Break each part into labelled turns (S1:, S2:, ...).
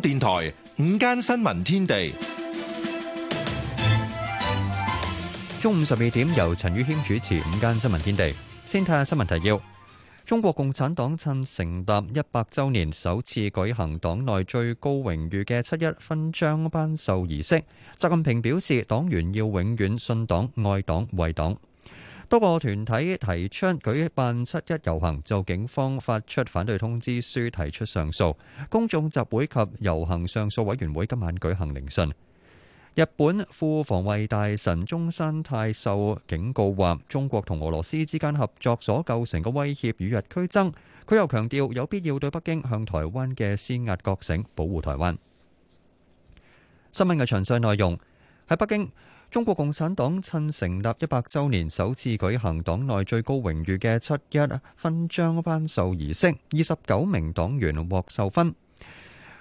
S1: 電台午間新聞
S2: 天地，中午十二點由陳宇謙主持《午間新聞天地》。先睇下新聞提要：中國共產黨趁成立一百周年，首次舉行黨內最高榮譽嘅七一勳章頒授儀式。習近平表示，黨員要永遠信黨、愛黨、為黨。多個團體提出舉辦七一遊行，就警方發出反對通知書提出上訴。公眾集會及遊行上訴委員會今晚舉行聆訊。日本副防衛大臣中山泰秀警告話：中國同俄羅斯之間合作所構成嘅威脅與日俱增。佢又強調有必要對北京向台灣嘅施壓覺醒，保護台灣。新聞嘅詳細內容喺北京。中國共產黨趁成立一百周年首次舉行黨內最高榮譽嘅七一勳章頒授儀式，二十九名黨員獲授勳。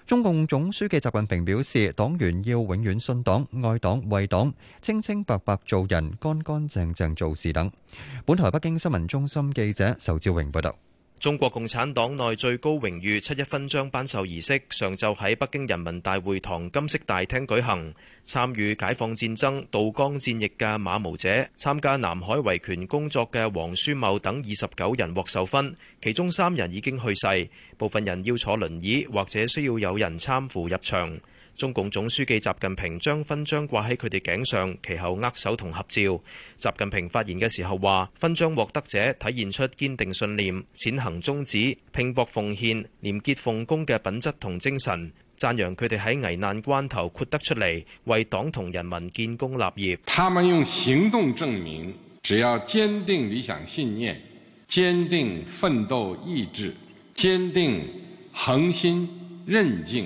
S2: 中共總書記習近平表示，黨員要永遠信黨、愛黨、為黨，清清白白做人、乾乾淨淨做事等。本台北京新聞中心記者仇兆榮報道。
S3: 中國共產黨內最高榮譽七一勳章頒授儀式上晝喺北京人民大會堂金色大廳舉行，參與解放戰爭渡江戰役嘅馬毛姐、參加南海維權工作嘅黃書茂等二十九人獲授勳，其中三人已經去世，部分人要坐輪椅或者需要有人攙扶入場。中共總書記習近平將勳章掛喺佢哋頸上，其後握手同合照。習近平發言嘅時候話：勳章獲得者體現出堅定信念、踐行宗旨、拼搏奉獻、廉潔奉公嘅品質同精神，讚揚佢哋喺危難關頭豁得出嚟，為黨同人民建功立業。他們用行動證明，只要堅定理想信念、堅定奮鬥意志、堅定恆心韌勁。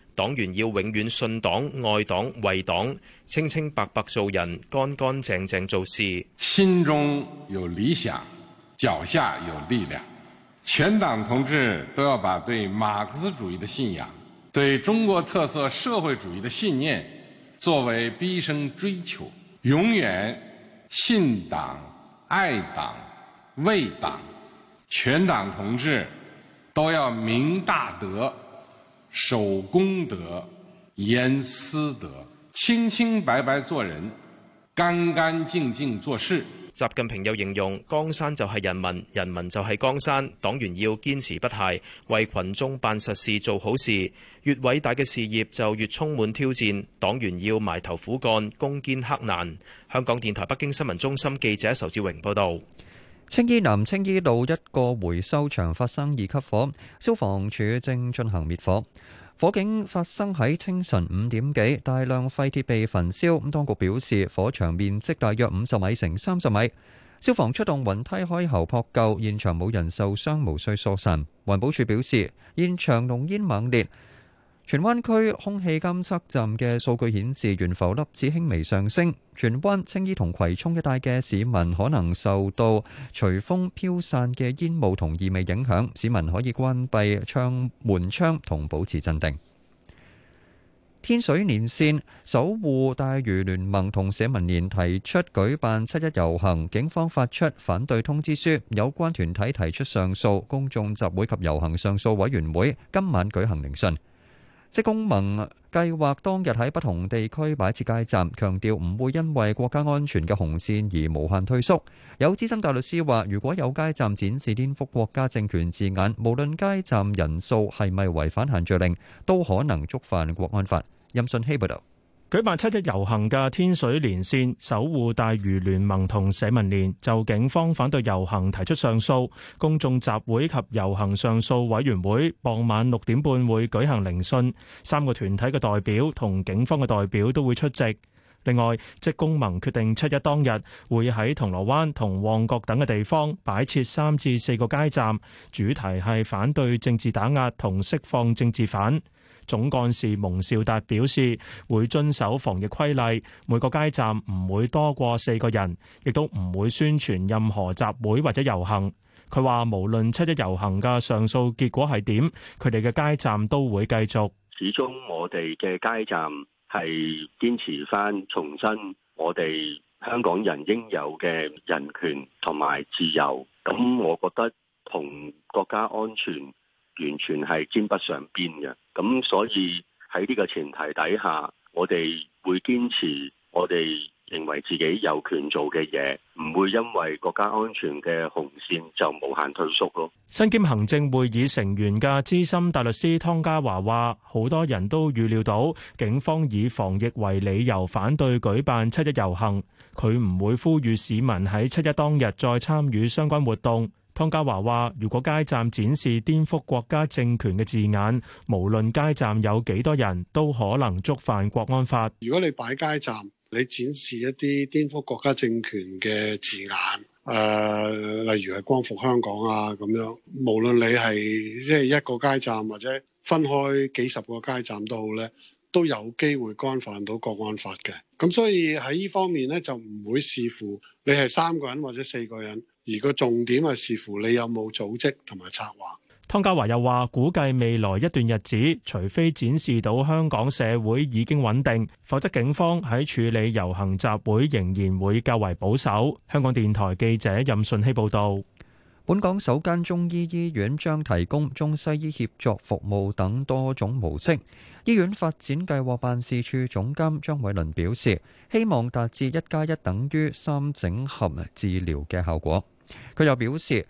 S3: 黨員要永遠信黨、愛黨、為黨，清清白白做人，乾乾淨淨做事。心中有理想，腳下有力量。全黨同志都要把對馬克思主義的信仰、對中國特色社會主義的信念作為畢生追求，永遠信黨、愛黨、為黨，全黨同志都要明大德。守公德，嚴私德，清清白白做人，乾乾淨淨做事。習近平又形容江山就係人民，人民就係江山。黨員要堅持不懈，為群眾辦實事做好事。越偉大嘅事業就越充滿挑戰，黨員要埋頭苦幹，攻堅克難。香港電台北京新聞中心記者仇志榮報道。
S2: 青衣南青衣路一個回收場發生二級火，消防處正進行滅火。火警發生喺清晨五點幾，大量廢鐵被焚燒。咁當局表示，火場面積大約五十米乘三十米。消防出動雲梯開喉撲救，現場冇人受傷，無需疏散。環保署表示，現場濃煙猛烈。荃灣區空氣監測站嘅數據顯示，懸浮粒子輕微上升。荃灣青衣同葵涌一帶嘅市民可能受到隨風飄散嘅煙霧同異味影響，市民可以關閉窗門窗，同保持鎮定。天水連線，守護大嶼聯盟同社民連提出舉辦七一遊行，警方發出反對通知書。有關團體提出上訴，公眾集會及遊行上訴委員會今晚舉行聆訊。職工盟計劃當日喺不同地區擺設街站，強調唔會因為國家安全嘅紅線而無限退縮。有資深大律師話，如果有街站展示顛覆國家政權字眼，無論街站人數係咪違反限聚令，都可能觸犯國安法。任信希報道。舉辦七一遊行嘅天水連線、守護大嶼聯
S4: 盟同社民連就警方反對遊行提出上訴，公眾集會及遊行上訴委員會傍晚六點半會舉行聆訊，三個團體嘅代表同警方嘅代表都會出席。另外，職工盟決定七一當日會喺銅鑼灣同旺角等嘅地方擺設三至四個街站，主題係反對政治打壓同釋放政治犯。總幹事蒙兆達表示，會遵守防疫規例，每個街站唔會多過四個人，亦都唔會宣傳任何集會或者遊行。佢話無論七一遊行嘅上訴結果係點，佢哋嘅街站都會繼續。
S5: 始終我哋嘅街站係堅持翻，重申我哋香港人應有嘅人權同埋自由。咁我覺得同國家安全。完全係沾不上邊嘅，咁所以喺呢個前提底下，我哋會堅持我哋認為自己有權做嘅嘢，唔會因為國家安全嘅紅線就無限退縮咯。
S4: 身兼行政會議成員嘅資深大律師湯家驊話，好多人都預料到警方以防疫為理由反對舉辦七一遊行，佢唔會呼籲市民喺七一當日再參與相關活動。湯家驊話：如果街站展示顛覆國家政權嘅字眼，無論街站有幾多人都可能觸犯國安法。
S5: 如果你擺街站，你展示一啲顛覆國家政權嘅字眼，誒、呃，例如係光復香港啊，咁樣，無論你係即係一個街站或者分開幾十個街站都好咧，都有機會干犯到國安法嘅。咁所以喺呢方面咧，就唔會視乎你係三個人或者四個人。而個重點係，視乎你有冇組織同埋策劃。
S4: 湯家驊又話，估計未來一段日子，除非展示到香港社會已經穩定，否則警方喺處理遊行集會仍然會較為保
S2: 守。香港電台記者任順希報道。本港首間中醫醫院將提供中西醫協作服務等多種模式。醫院發展計劃辦事處總監張偉倫表示，希望達至一加一等於三整合治療嘅效果。佢又表示，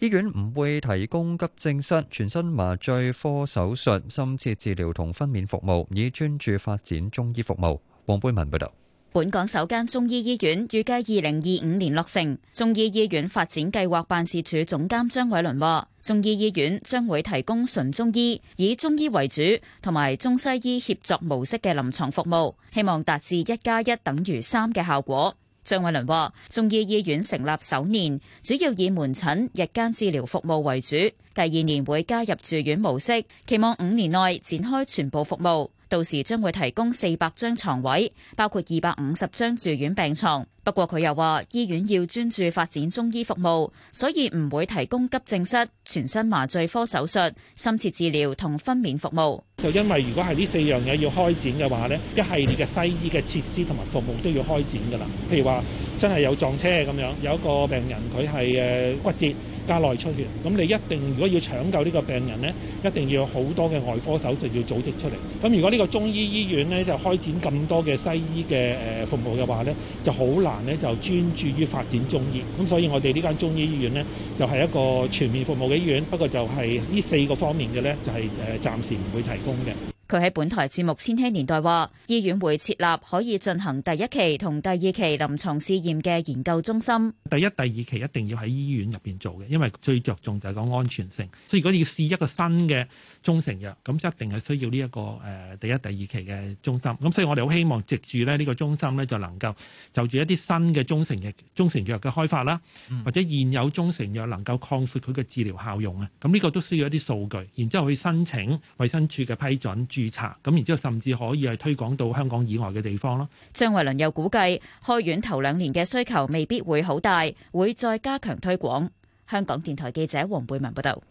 S2: 醫院唔會提供急症室、全身麻醉科手術、深切治療同分娩服務，以專注發展中醫服務。黃貝文報道。
S6: 本港首間中醫醫院預計2025年落成。中醫醫院發展計劃辦事處總監張偉倫話，中醫醫院將會提供純中醫、以中醫為主，同埋中西醫協作模式嘅臨床服務，希望達至一加一等於三嘅效果。張偉倫話，中醫醫院成立首年主要以門診、日間治療服務為主，第二年會加入住院模式，期望五年內展開全部服務。到時將會提供四百張床位，包括二百五十張住院病床。不過佢又話，醫院要專注發展中醫服務，所以唔會提供急症室、全身麻醉科手術、深切治療同分娩服務。
S1: 就因為如果係呢四樣嘢要開展嘅話呢，一系列嘅西醫嘅設施同埋服務都要開展㗎喇。譬如話，真係有撞車咁樣，有一個病人佢係誒骨折。加內出血，咁你一定如果要搶救呢個病人呢，一定要有好多嘅外科手術要組織出嚟。咁如果呢個中醫醫院呢，就開展咁多嘅西醫嘅誒服務嘅話呢，就好難呢就專注於發展中醫。咁所以我哋呢間中醫醫院呢，就係一個全面服務嘅醫院，不過就係呢四個方面嘅呢，就係誒暫時唔會提供嘅。
S6: 佢喺本台節目《千禧年代》話醫院會設立可以進行第一期同第二期臨床試驗嘅研究中心。
S1: 第一、第二期一定要喺醫院入邊做嘅，因為最着重就係講安全性。所以如果你要試一個新嘅中成藥，咁一定係需要呢、這、一個誒、呃、第一、第二期嘅中心。咁所以我哋好希望藉住咧呢個中心咧，就能夠就住一啲新嘅中成藥中成藥嘅開發啦、嗯，或者現有中成藥能夠擴闊佢嘅治療效用啊。咁呢個都需要一啲數據，然之後去申請衛生署嘅批准。預測咁，然之後甚至可以係推廣到香港以外嘅地方咯。
S6: 張惠倫又估計開院頭兩年嘅需求未必會好大，會再加強推廣。香港電台記者黃貝文報道。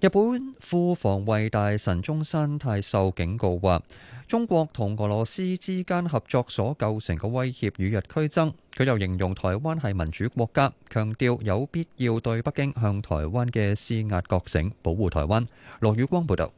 S2: 日本副防衛大臣中山泰秀警告話：中國同俄羅斯之間合作所構成嘅威脅與日俱增。佢又形容台灣係民主國家，強調有必要對北京向台灣嘅施壓
S7: 覺醒，保護台灣。羅宇光報道。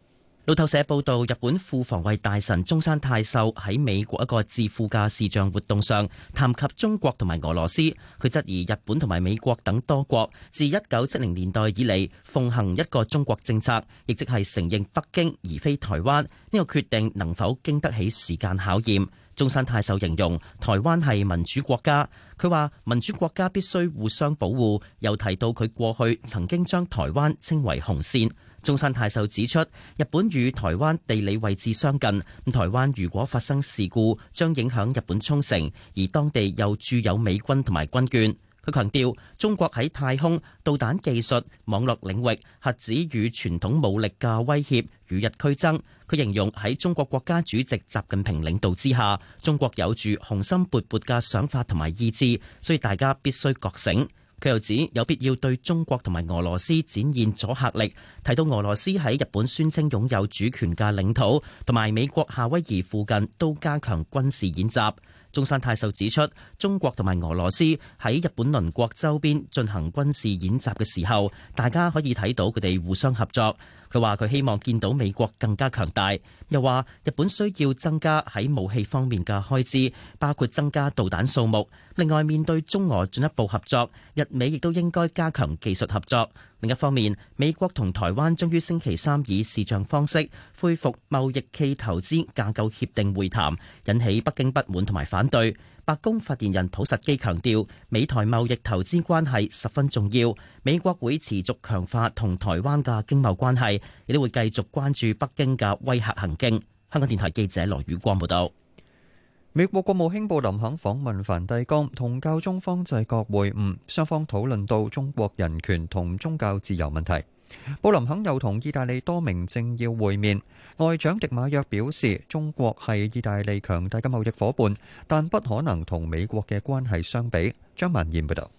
S7: 路透社報道，日本副防衛大臣中山泰秀喺美國一個智庫嘅視像活動上，談及中國同埋俄羅斯，佢質疑日本同埋美國等多國自一九七零年代以嚟奉行一個中國政策，亦即係承認北京而非台灣呢個決定能否經得起時間考驗。中山泰秀形容台灣係民主國家，佢話民主國家必須互相保護，又提到佢過去曾經將台灣稱為紅線。中山泰秀指出，日本與台灣地理位置相近，台灣如果發生事故，將影響日本沖繩，而當地又駐有美軍同埋軍眷。佢強調，中國喺太空、導彈技術、網絡領域、核子與傳統武力嘅威脅與日俱增。佢形容喺中國國家主席習近平領導之下，中國有住雄心勃勃嘅想法同埋意志，所以大家必須覺醒。佢又指有必要對中國同埋俄羅斯展現阻嚇力。提到俄羅斯喺日本宣稱擁有主權嘅領土，同埋美國夏威夷附近都加強軍事演習。中山泰秀指出，中國同埋俄羅斯喺日本鄰國周邊進行軍事演習嘅時候，大家可以睇到佢哋互相合作。佢話：佢希望見到美國更加強大，又話日本需要增加喺武器方面嘅開支，包括增加導彈數目。另外，面對中俄進一步合作，日美亦都應該加強技術合作。另一方面，美國同台灣將於星期三以視像方式恢復貿易暨投資架構協定會談，引起北京不滿同埋反對。白宮發言人普實基強調，美台貿易投資關係十分重要，美國會持續強化同台灣嘅經貿關係，亦都會繼續關注北京嘅威嚇行徑。香港電台記者羅宇光報道。美國國務卿布林肯訪問梵蒂岡，同教宗
S2: 方濟各會晤，雙方討論到中國人權同宗教自由問題。布林肯又同意大利多名政要會面。外長迪馬約表示，中國係意大利強大的貿易伙伴，但不可能同美國的關係相比。張曼燕報道。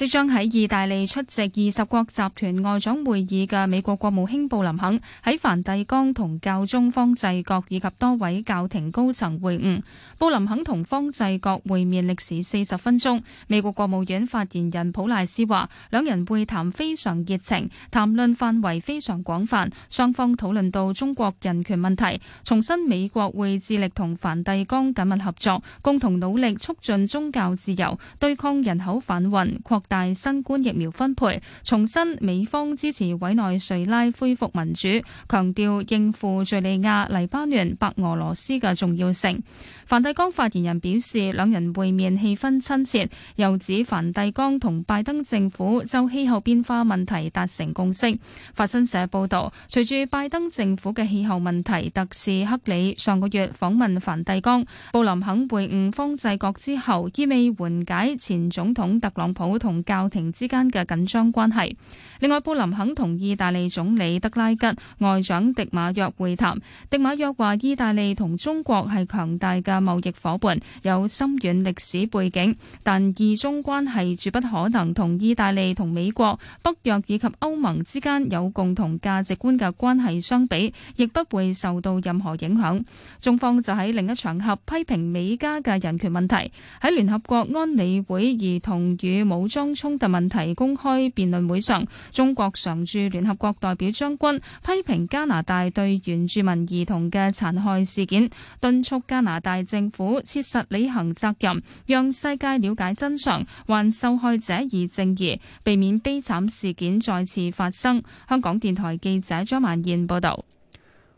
S8: 即將喺意大利出席二十國集團外長會議嘅美國國務卿布林肯喺梵蒂岡同教宗方濟各以及多位教廷高層會晤。布林肯同方濟各會面歷時四十分鐘。美國國務院發言人普賴斯話：兩人會談非常熱情，談論範圍非常廣泛，雙方討論到中國人權問題，重申美國會致力同梵蒂岡緊密合作，共同努力促進宗教自由，對抗人口販運，擴。大新冠疫苗分配，重申美方支持委內瑞拉恢復民主，強調應付敘利亞、黎巴嫩、白俄羅斯嘅重要性。梵蒂岡發言人表示，兩人會面氣氛親切，又指梵蒂岡同拜登政府就氣候變化問題達成共識，法新社報道，隨住拜登政府嘅氣候問題特使克里上個月訪問梵蒂岡，布林肯會晤方濟各之後，意味緩解前總統特朗普同教廷之間嘅緊張關係。另外，布林肯同意大利總理德拉吉外長迪馬約會談。迪馬約話：意大利同中國係強大嘅貿易伙伴，有深遠歷史背景。但意中關係絕不可能同意大利同美國、北約以及歐盟之間有共同價值觀嘅關係相比，亦不會受到任何影響。中方就喺另一場合批評美加嘅人權問題，喺聯合國安理會兒童與武裝衝突問題公開辯論會上。中國常駐聯合國代表張軍批評加拿大對原住民兒童嘅殘害事件，敦促加拿大政府切實履行責任，讓世界了解真相，還受害者以正義，避免悲慘事件再次發生。香港電台記者張曼燕報道。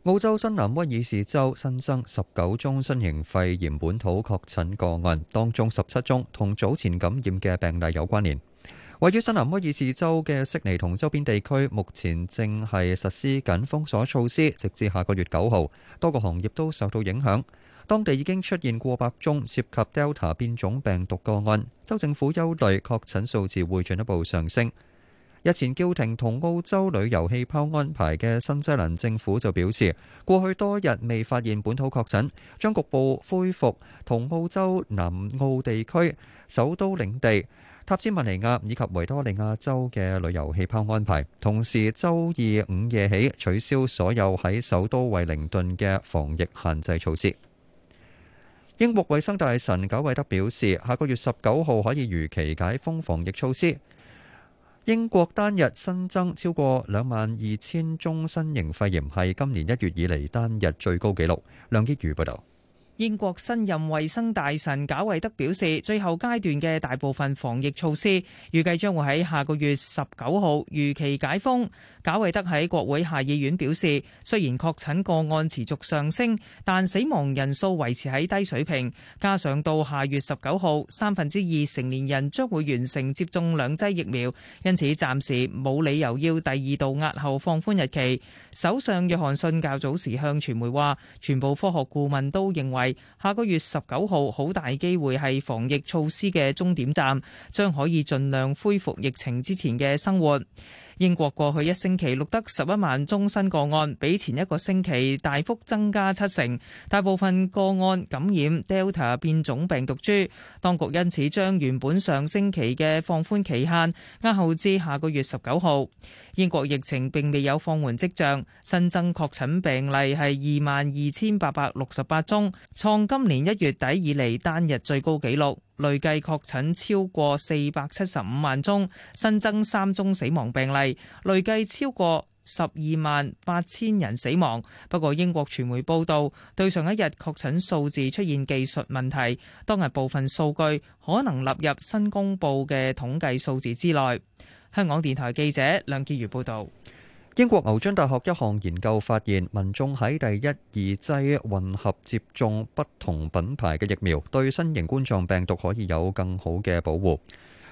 S2: 澳洲新南威爾士州新增十九宗新型肺炎本土確診個案，當中十七宗同早前感染嘅病例有關聯。位於新南威爾士州嘅悉尼同周邊地區，目前正係實施緊封鎖措施，直至下個月九號。多個行業都受到影響。當地已經出現過百宗涉及 Delta 變種病毒個案，州政府憂慮確診數字會進一步上升。日前叫停同澳洲旅遊氣泡安排嘅新西蘭政府就表示，過去多日未發現本土確診，將局部恢復同澳洲南澳地區首都領地、塔斯曼尼亞以及維多利亞州嘅旅遊氣泡安排，同時周二午夜起取消所有喺首都惠靈頓嘅防疫限制措施。英國衛生大臣賈偉德表示，下個月十九號可以如期解封防疫措施。英國單日新增超過兩萬二千宗新型肺炎，係今年一月以嚟單日最高紀錄。梁潔如報道。
S9: 英國新任衛生大臣賈維德表示，最後階段嘅大部分防疫措施，預計將會喺下個月十九號如期解封。賈維德喺國會下議院表示，雖然確診個案持續上升，但死亡人數維持喺低水平。加上到下月十九號，三分之二成年人將會完成接種兩劑疫苗，因此暫時冇理由要第二度押後放寬日期。首相約翰遜較早時向傳媒話，全部科學顧問都認為下個月十九號好大機會係防疫措施嘅終點站，將可以盡量恢復疫情之前嘅生活。英國過去一星期錄得十一萬宗新個案，比前一個星期大幅增加七成。大部分個案感染 Delta 變種病毒株，當局因此將原本上星期嘅放寬期限押後至下個月十九號。英國疫情並未有放緩跡象，新增確診病例係二萬二千八百六十八宗，創今年一月底以嚟單日最高紀錄。累計確診超過四百七十五萬宗，新增三宗死亡病例，累計超過十二萬八千人死亡。不過，英國傳媒報道，對上一日確診數字出現技術問題，當日部分數據可能納入新公布嘅統計數字之內。香港電台記者梁潔如報道。
S2: 英國牛津大學一項研究發現，民眾喺第一、二劑混合接種不同品牌嘅疫苗，對新型冠狀病毒可以有更好嘅保護。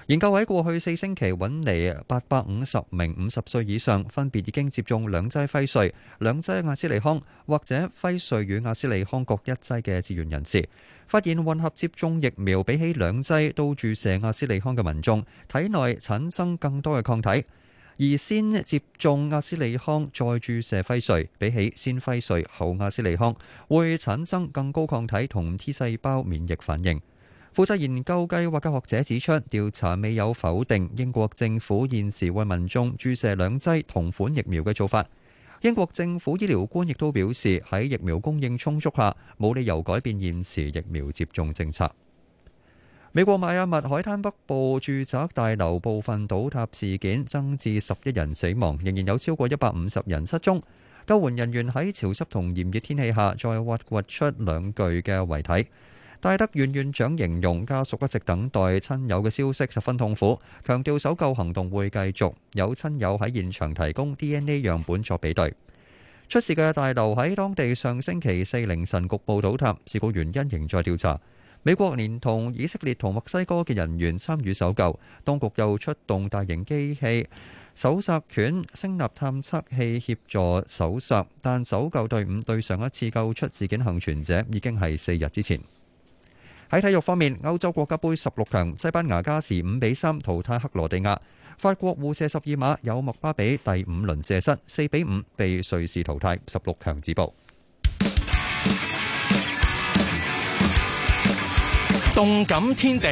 S2: 研究喺過去四星期，搵嚟850名50歲以上，分別已經接種兩劑輝瑞、兩劑阿斯利康，或者輝瑞與阿斯利康各一劑嘅志願人士，發現混合接種疫苗比起兩劑都注射阿斯利康嘅民眾，體內產生更多嘅抗體。而先接種阿斯利康再注射輝瑞，比起先輝瑞後阿斯利康，會產生更高抗體同 T 細胞免疫反應。負責研究計劃嘅學者指出，調查未有否定英國政府現時為民眾注射兩劑同款疫苗嘅做法。英國政府醫療官亦都表示，喺疫苗供應充足下，冇理由改變現時疫苗接種政策。美國邁阿密海灘北部住宅大樓部分倒塌事件增至十一人死亡，仍然有超過一百五十人失蹤。救援人員喺潮濕同炎熱天氣下，再挖掘出兩具嘅遺體。戴德縣縣長形容家屬一直等待親友嘅消息，十分痛苦，強調搜救行動會繼續，有親友喺現場提供 DNA 樣本作比對。出事嘅大樓喺當地上星期四凌晨局部倒塌，事故原因仍在調查。美國連同以色列同墨西哥嘅人員參與搜救，當局又出動大型機器、搜索犬、聲納探測器協助搜索，但搜救隊伍對上一次救出事件幸存者已經係四日之前。喺體育方面，歐洲國家杯十六強，西班牙加時五比三淘汰克羅地亞，法國互射十二碼有麥巴比第五輪射失，四比五被瑞士淘汰，十六強止步。動感天地，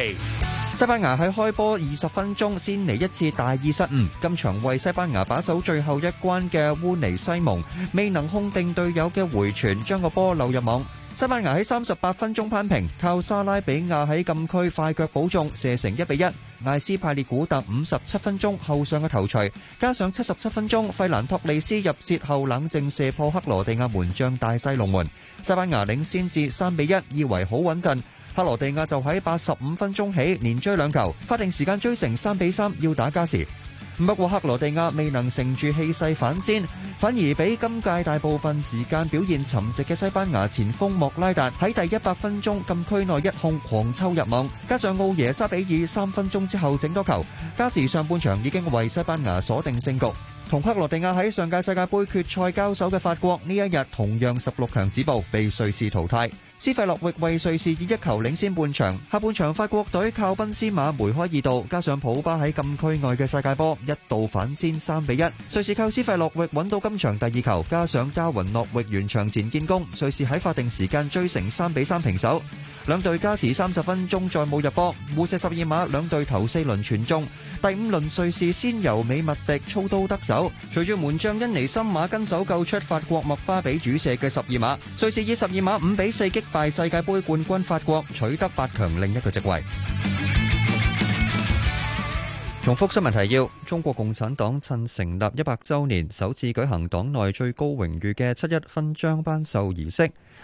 S2: 西班牙喺開波二十分鐘先嚟一次大意失誤，今場為西班牙把守最後一關嘅烏尼西蒙未能控定隊友嘅回傳，將個波漏入網。西班牙喺三十八分鐘扳平，靠沙拉比亞喺禁區快腳補中射成一比一。艾斯派列古特五十七分鐘後上嘅頭錘，加上七十七分鐘費蘭托利斯入切後冷靜射破克羅地亞門將大勢龍門，西班牙領先至三比一，以為好穩陣。克羅地亞就喺八十五分鐘起連追兩球，法定時間追成三比三，要打加時。不過克羅地亞未能乘住氣勢反先，反而俾今屆大部分時間表現沉寂嘅西班牙前鋒莫拉達喺第一百分鐘禁區內一控狂抽入網，加上奧耶沙比爾三分鐘之後整多球，加時上半場已經為西班牙鎖定勝局。同克羅地亞喺上屆世界盃決賽交手嘅法國，呢一日同樣十六強止步，被瑞士淘汰。斯費洛域為瑞士以一球領先半場，下半場法國隊靠賓斯馬梅開二度，加上普巴喺禁區外嘅世界波，一度反先三比一。瑞士靠斯費洛域揾到今場第二球，加上加雲諾域完場前建功，瑞士喺法定時間追成三比三平手。兩隊加時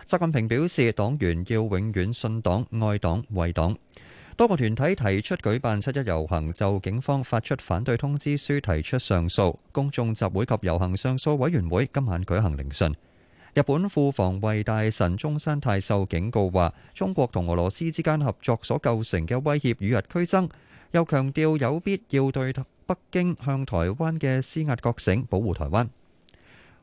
S2: 習近平表示，黨員要永遠信黨、愛黨、為黨。多個團體提出舉辦七一遊行，就警方發出反對通知書提出上訴。公眾集會及遊行上訴委員會今晚舉行聆訊。日本副防衛大臣中山泰秀警告話，中國同俄羅斯之間合作所構成嘅威脅與日俱增，又強調有必要對北京向台灣嘅施壓覺醒，保護台灣。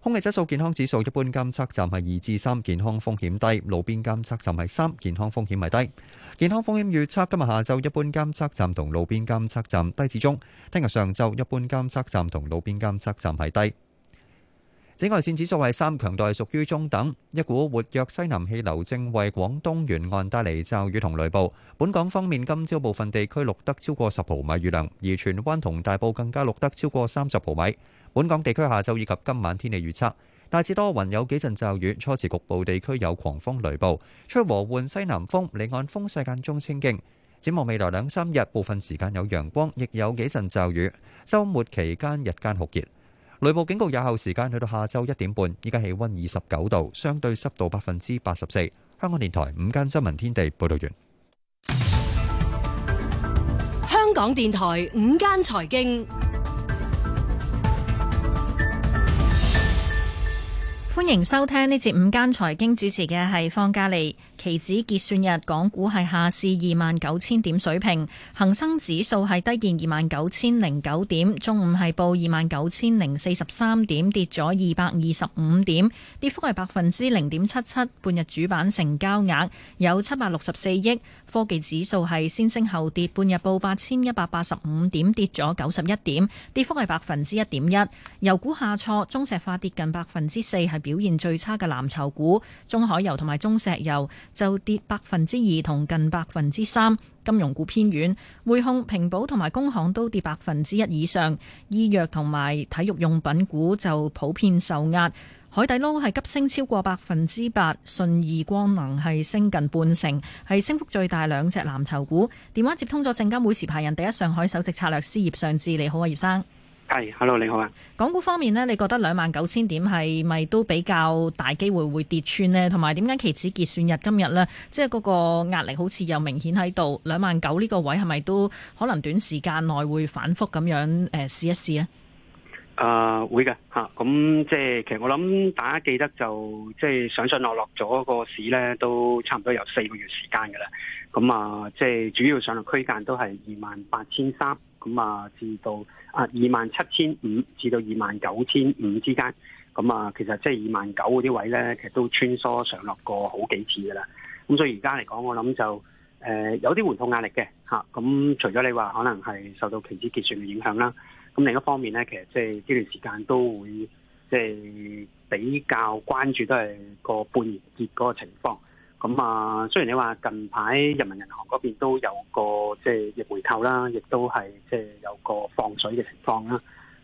S2: 空氣質素健康指數一般監測站係二至三，健康風險低；路邊監測站係三，健康風險係低。健康風險預測今日下晝一般監測站同路邊監測站低至中，聽日上晝一般監測站同路邊監測站係低。紫外線指數係三，強度係屬於中等。一股活躍西南氣流正為廣東沿岸帶嚟驟雨同雷暴。本港方面，今朝部分地區錄得超過十毫米雨量，而荃灣同大埔更加錄得超過三十毫米。本港地區下晝以及今晚天氣預測，大致多雲，有幾陣驟雨，初時局部地區有狂風雷暴，吹和緩西南風，離岸風勢間中清勁。展望未來兩三日，部分時間有陽光，亦有幾陣驟雨。周末期間日間酷熱，雷暴警告有效時間去到下晝一點半。依家氣溫二十九度，相對濕度百分之八十四。香港電台午間新聞天地報道完。
S10: 香港電台午間財經。歡迎收聽呢節午間財經，主持嘅係方嘉利。期指結算日，港股係下市二萬九千點水平，恒生指數係低見二萬九千零九點，中午係報二萬九千零四十三點，跌咗二百二十五點，跌幅係百分之零點七七。半日主板成交額有七百六十四億。科技指數係先升後跌，半日報八千一百八十五點，跌咗九十一點，跌幅係百分之一點一。油股下挫，中石化跌近百分之四，係表現最差嘅藍籌股。中海油同埋中石油就跌百分之二同近百分之三，金融股偏軟，匯控、平保同埋工行都跌百分之一以上。醫藥同埋體育用品股就普遍受壓，海底撈係急升超過百分之八，信義光能係升近半成，係升幅最大兩隻藍籌股。電話接通咗證監會持牌人第一上海首席策略師葉尚志，你好啊，葉生。
S5: 係，hello，你好啊！
S10: 港股方面咧，你覺得兩萬九千點係咪都比較大機會會跌穿呢？同埋，點解期指結算日今日咧，即係嗰個壓力好似又明顯喺度，兩萬九呢個位係咪都可能短時間內會反復咁樣誒試一試呢
S5: ？uh，啊，會嘅吓，咁即係其實我諗大家記得就即係上上落落咗個市咧，都差唔多有四個月時間噶啦。咁啊，即係主要上落區間都係二萬八千三，咁啊至到。啊，二萬七千五至到二萬九千五之間，咁啊，其實即係二萬九嗰啲位咧，其實都穿梭上落過好幾次嘅啦。咁所以而家嚟講，我諗就誒有啲緩衝壓力嘅嚇。咁除咗你話可能係受到期指結算嘅影響啦，咁另一方面咧，其實即係呢段時間都會即係、就是、比較關注都係個半年結嗰個情況。咁啊，雖然你話近排人民銀行嗰邊都有個即係逆回購啦，亦都係即係有個放水嘅情況啦。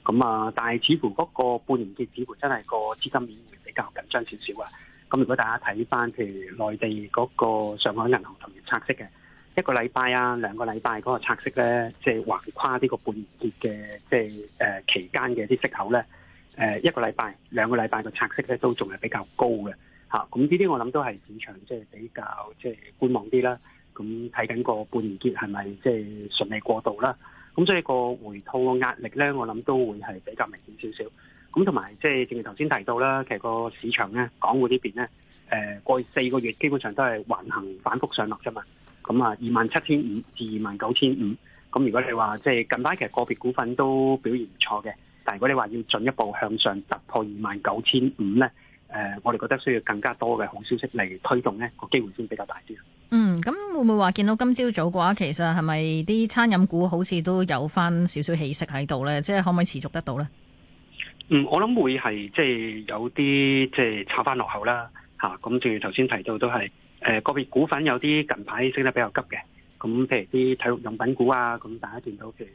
S5: 咁啊，但係似乎嗰個半年結似乎真係個資金面會比較緊張少少啊。咁如果大家睇翻，譬如內地嗰個上海銀行同業拆息嘅一個禮拜啊，兩個禮拜嗰個拆息咧，即係橫跨呢個半年結嘅即係誒、呃、期間嘅啲息口咧，誒、呃、一個禮拜兩個禮拜個拆息咧都仲係比較高嘅。嚇，咁呢啲我諗都係市場即係比較即係觀望啲啦。咁睇緊個半年結係咪即係順利過渡啦。咁所以個回吐嘅壓力咧，我諗都會係比較明顯少少。咁同埋即係正如頭先提到啦，其實個市場咧港股呢邊咧，誒過四個月基本上都係橫行反覆上落啫嘛。咁啊，二萬七千五至二萬九千五。咁如果你話即係近排其實個別股份都表現唔錯嘅，但係如果你話要進一步向上突破二萬九千五咧？誒、uh，我哋覺得需要更加多嘅好消息嚟推動咧，個機會先比較大啲。嗯，
S10: 咁會唔會話見到今朝早嘅話，其實係咪啲餐飲股好似都有翻少少氣息喺度咧？即係可唔可以持續得到咧？
S5: 嗯，我諗會係即係有啲即係炒翻落後啦。嚇、啊，咁正如頭先提到都，都係誒個別股份有啲近排升得比較急嘅。咁譬如啲體育用品股啊，咁大家見到譬如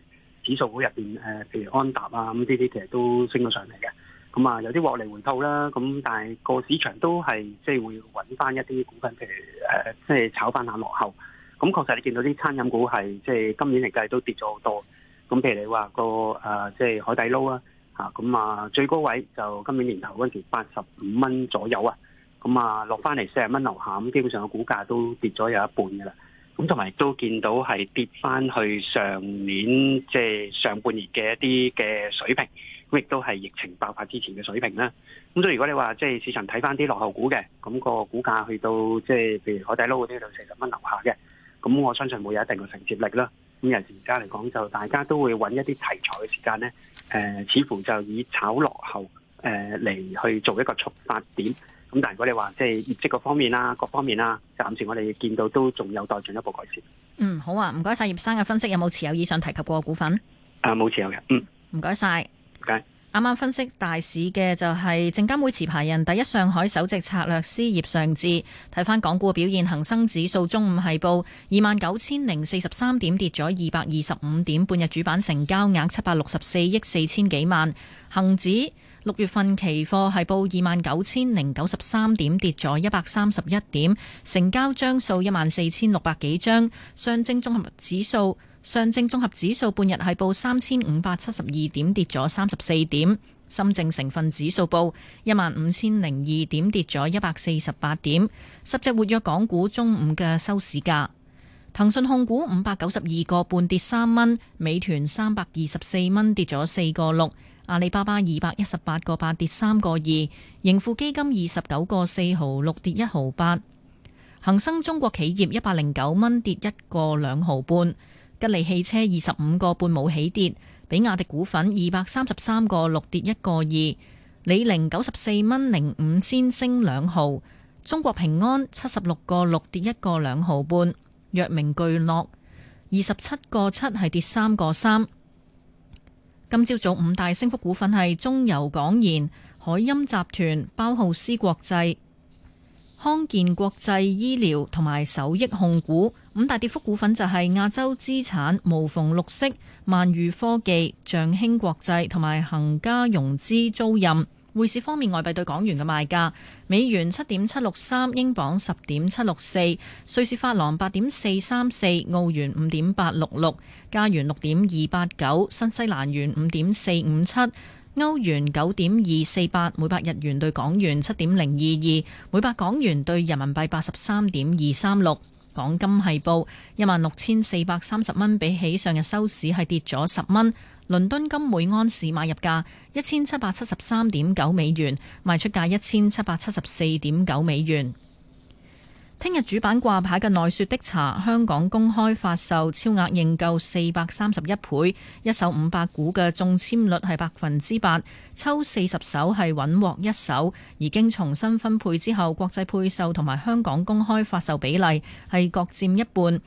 S5: 指數股入邊，誒、呃、譬如安踏啊，咁呢啲其實都升咗上嚟嘅。咁啊，有啲獲利回吐啦，咁但係個市場都係即係會揾翻一啲股份，譬如誒，即、呃、係、就是、炒翻下落後。咁確實你見到啲餐飲股係即係今年嚟計都跌咗好多。咁譬如你話、那個誒，即、呃、係、就是、海底撈啊，咁啊，最高位就今年年頭嗰時八十五蚊左右啊，咁啊落翻嚟四十蚊樓下，咁基本上個股價都跌咗有一半噶啦。咁同埋都見到係跌翻去上年即係、就是、上半年嘅一啲嘅水平。亦都係疫情爆發之前嘅水平啦。咁所以如果你話即係市場睇翻啲落後股嘅，咁，那個股價去到即係譬如海底撈嗰啲到四十蚊樓下嘅，咁我相信會有一定嘅承接力啦。咁而家嚟講就大家都會揾一啲題材嘅時間咧，誒、呃，似乎就以炒落後誒嚟、呃、去做一個出發點。咁但係如果你話即係業績嗰方面啦，各方面啦，暫時我哋見到都仲有待進一步改善。
S10: 嗯，好啊，唔該晒葉生嘅分析，有冇持有以上提及過嘅股份？
S5: 誒、啊，冇持有嘅，嗯，唔
S10: 該晒。啱啱分析大市嘅就係證監會持牌人，第一上海首席策略師葉尚志。睇翻港股表現，恒生指數中午係報二萬九千零四十三點，跌咗二百二十五點，半日主板成交額七百六十四億四千幾萬。恒指六月份期貨係報二萬九千零九十三點，跌咗一百三十一點，成交張數一萬四千六百幾張。上證綜合指數。上證綜合指數半日係報三千五百七十二點，跌咗三十四點。深證成分指數報一萬五千零二點，跌咗一百四十八點。十隻活躍港股中午嘅收市價：騰訊控股五百九十二個半跌三蚊，美團三百二十四蚊跌咗四個六，阿里巴巴二百一十八個八跌三個二，盈富基金二十九個四毫六跌一毫八，恒生中國企業一百零九蚊跌一個兩毫半。吉利汽車二十五個半冇起跌，比亞迪股份二百三十三個六跌一個二，李寧九十四蚊零五仙升兩毫，中國平安七十六個六跌一個兩毫半，藥明巨落二十七個七係跌三個三。今朝早,早五大升幅股份係中油、港燃、海音集團、包浩斯國際。康健國際醫療同埋首益控股，五大跌幅股份就係亞洲資產、無縫綠色、萬裕科技、象興國際同埋恒嘉融資租賃。匯市方面，外幣對港元嘅賣價：美元七點七六三，英鎊十點七六四，瑞士法郎八點四三四，澳元五點八六六，加元六點二八九，新西蘭元五點四五七。歐元九點二四八，每百日元對港元七點零二二，每百港元對人民幣八十三點二三六。港金係報一萬六千四百三十蚊，比起上日收市係跌咗十蚊。倫敦金每安士買入價一千七百七十三點九美元，賣出價一千七百七十四點九美元。聽日主板掛牌嘅奈雪的茶，香港公開發售超額認購四百三十一倍，一手五百股嘅中簽率係百分之八，抽四十手係穩獲一手，已經重新分配之後，國際配售同埋香港公開發售比例係各佔一半。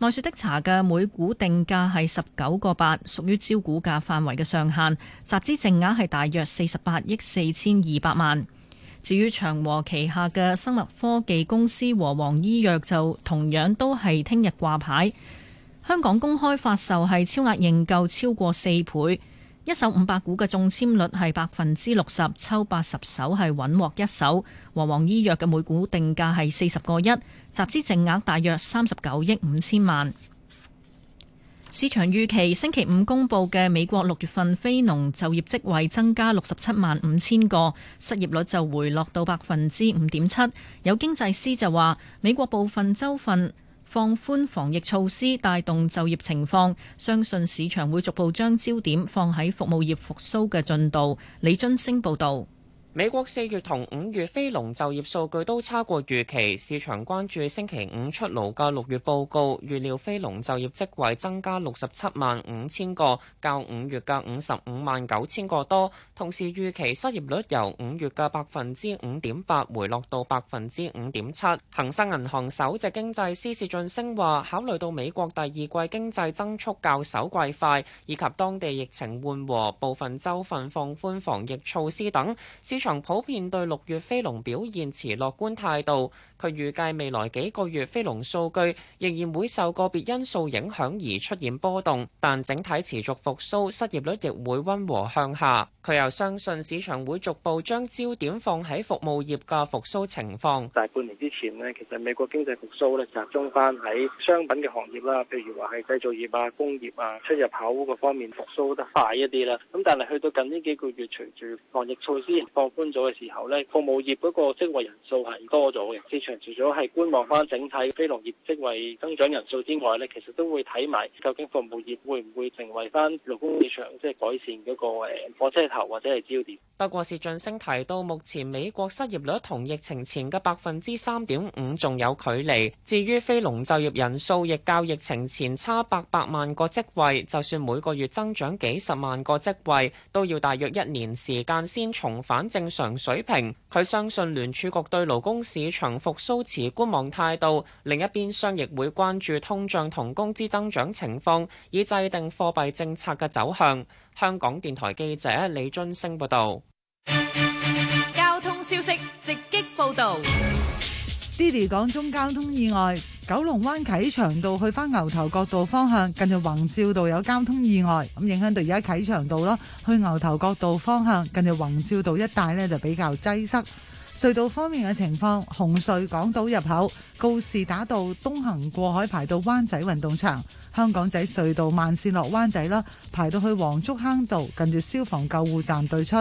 S10: 奈雪的茶嘅每股定價係十九個八，屬於招股價範圍嘅上限，集資淨額係大約四十八億四千二百萬。至於長和旗下嘅生物科技公司和黃醫藥就同樣都係聽日掛牌，香港公開發售係超額認購超過四倍，一手五百股嘅中簽率係百分之六十，抽八十手係穩獲一手。和黃醫藥嘅每股定價係四十個一，集資淨額大約三十九億五千萬。市場預期星期五公佈嘅美國六月份非農就業職位增加六十七萬五千個，失業率就回落到百分之五點七。有經濟師就話，美國部分州份放寬防疫措施，帶動就業情況，相信市場會逐步將焦點放喺服務業復甦嘅進度。李津升報導。
S11: 美國四月同五月非農就業數據都差過預期，市場關注星期五出爐嘅六月報告，預料非農就業職位增加六十七萬五千個，較五月嘅五十五萬九千個多，同時預期失業率由五月嘅百分之五點八回落到百分之五點七。恒生銀行首席經濟師薛俊升話：考慮到美國第二季經濟增速較首季快，以及當地疫情緩和、部分州份放寬防疫措施等，市場普遍對六月非農表現持樂觀態度。佢預計未來幾個月非農數據仍然會受個別因素影響而出現波動，但整體持續復甦，失業率亦會溫和向下。佢又相信市場會逐步將焦點放喺服務業嘅復甦情況。
S5: 大半年之前呢，其實美國經濟復甦咧集中翻喺商品嘅行業啦，譬如話係製造業啊、工業啊、出入口嗰方面復甦得快一啲啦。咁但係去到近呢幾個月，隨住防疫措施搬咗嘅時候咧，服務業嗰個職位人數係多咗嘅。市場除咗係觀望翻整體非農業職位增長人數之外咧，其實都會睇埋究竟服務業會唔會成為翻勞工市場即係改善嗰個誒火車頭或者係焦點。
S11: 不過，薛俊升提到，目前美國失業率同疫情前嘅百分之三點五仲有距離，至於非農就業人數亦較疫情前差八百萬個職位。就算每個月增長幾十萬個職位，都要大約一年時間先重返。正常水平，佢相信聯儲局對勞工市場復甦持觀望態度。另一邊商亦會關注通脹同工資增長情況，以制定貨幣政策嘅走向。香港電台記者李津升報道。
S10: 交通消息直擊報道。
S12: d 啲港中交通意外，九龍灣啟祥道去返牛頭角道方向，近住宏照道有交通意外，咁影響到而家啟祥道啦。去牛頭角道方向近住宏照道一帶呢就比較擠塞。隧道方面嘅情況，紅隧港島入口、告士打道東行過海排到灣仔運動場、香港仔隧道、慢線落灣仔啦，排到去黃竹坑道，近住消防救護站對出。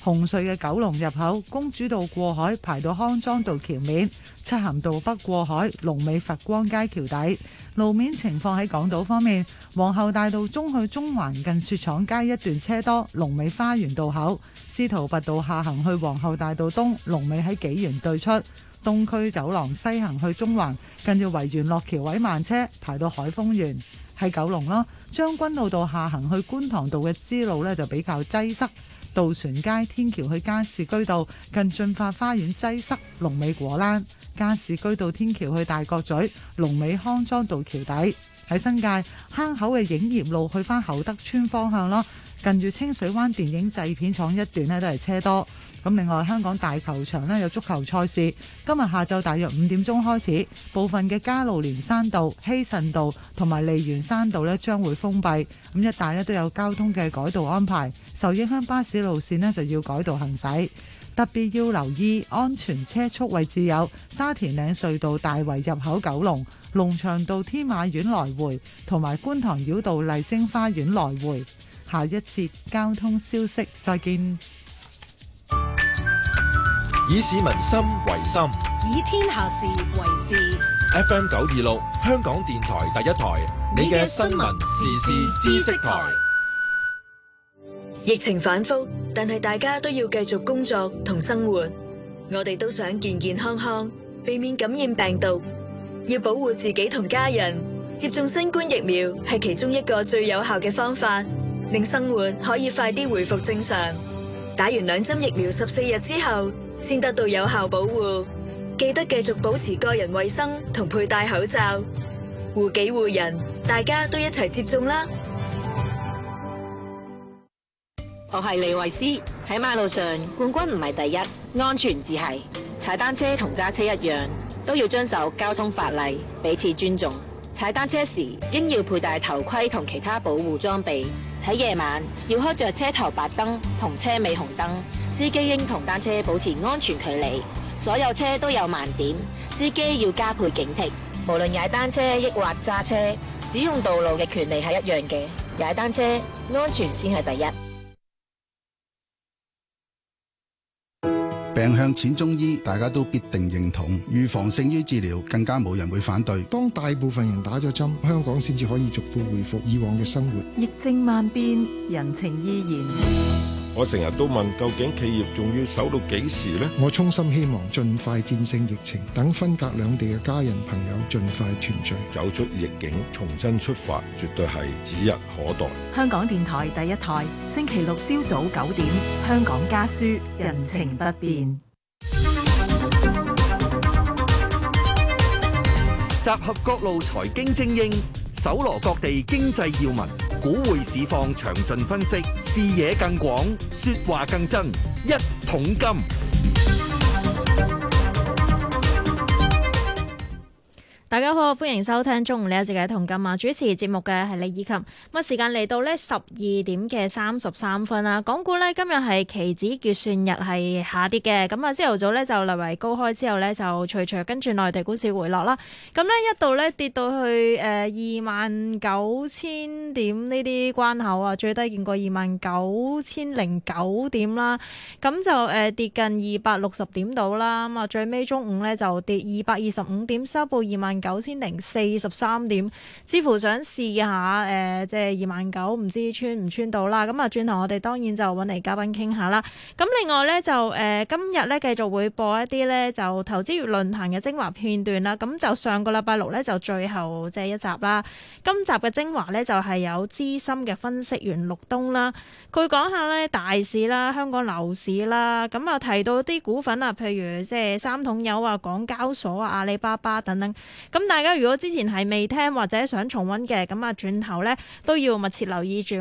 S12: 洪嘅九龍入口、公主道過海排到康莊道橋面、漆咸道北過海、龍尾佛光街橋底路面情況。喺港島方面，皇后大道中去中環近雪廠街一段車多，龍尾花園道口；司徒拔道下行去皇后大道東龍尾喺紀元對出，東區走廊西行去中環近住維園落橋位慢車排到海豐園。喺九龍啦，將軍澳道下行去觀塘道嘅支路呢，就比較擠塞。渡船街天橋去加士居道，近駿發花園擠塞龍尾果欄；加士居道天橋去大角咀，龍尾康莊道橋底。喺新界坑口嘅影業路去翻厚德村方向咯，近住清水灣電影製片廠一段呢，都係車多。咁另外，香港大球場咧有足球賽事，今日下晝大約五點鐘開始，部分嘅加路連山道、希慎道同埋利園山道咧將會封閉，咁一帶咧都有交通嘅改道安排，受影響巴士路線咧就要改道行駛，特別要留意安全車速位置有沙田嶺隧道大圍入口九、九龍龍翔道天馬苑來回同埋觀塘繞道麗晶花園來回。下一節交通消息，再見。
S1: 以市民心為心，
S10: 以天下事為事。
S1: FM 九二六，香港電台第一台，你嘅新聞時事知識台。
S6: 疫情反覆，但係大家都要繼續工作同生活。我哋都想健健康康，避免感染病毒，要保護自己同家人。接種新冠疫苗係其中一個最有效嘅方法，令生活可以快啲回復正常。打完兩針疫苗十四日之後。先得到有效保護，記得繼續保持個人衛生同佩戴口罩，護己護人，大家都一齊接種啦。
S10: 我係李慧詩，喺馬路上冠軍唔係第一，安全至係。踩單車同揸車一樣，都要遵守交通法例，彼此尊重。踩單車時應要佩戴頭盔同其他保護裝備。喺夜晚要開着車頭白燈同車尾紅燈。司機應同單車保持安全距離，所有車都有盲點，司機要加倍警惕。無論踩單車抑或揸車，使用道路嘅權利係一樣嘅。踩單車，安全先係第一。
S1: 病向淺中醫，大家都必定認同，預防勝於治療，更加冇人會反對。當大部分人打咗針，香港先至可以逐步恢復以往嘅生活。
S10: 疫症萬變，人情依然。
S1: 我成日都問，究竟企業仲要守到幾時呢？我衷心希望盡快戰勝疫情，等分隔兩地嘅家人朋友盡快團聚，走出逆境，重新出發，絕對係指日可待。
S10: 香港電台第一台，星期六朝早九點，香港家書，人情不變，
S1: 集合各路財經精英，搜羅各地經濟要聞。股匯市況詳盡分析，視野更廣，說話更真，一桶金。
S13: 大家好，歡迎收聽中午一家傑同金啊主持節目嘅係李以琴。咁時間嚟到呢十二點嘅三十三分啦、啊。港股呢，今日係期指結算日係下跌嘅，咁、嗯、啊，朝頭早呢就略為高開，之後呢就隨隨跟住內地股市回落啦。咁、嗯、呢一度呢跌到去誒二萬九千點呢啲關口啊，最低見過二萬九千零九點啦。咁、嗯、就誒、呃、跌近二百六十點度啦。咁、嗯、啊，最尾中午呢就跌二百二十五點，收報二萬。九千零四十三點，似乎想試下誒、呃，即係二萬九，唔知穿唔穿到啦。咁啊，轉頭我哋當然就揾嚟嘉賓傾下啦。咁另外呢，就誒、呃，今日呢，繼續會播一啲呢，就投資論壇嘅精華片段啦。咁、嗯、就上個禮拜六呢，就最後即係一集啦。今集嘅精華呢，就係、是、有資深嘅分析員陸東啦，佢講下呢，大市啦、香港樓市啦，咁、嗯、啊，提到啲股份啊，譬如即係三桶油啊、港交所啊、阿里巴巴等等。咁大家如果之前係未聽或者想重温嘅，咁啊轉頭咧都要密切留意住。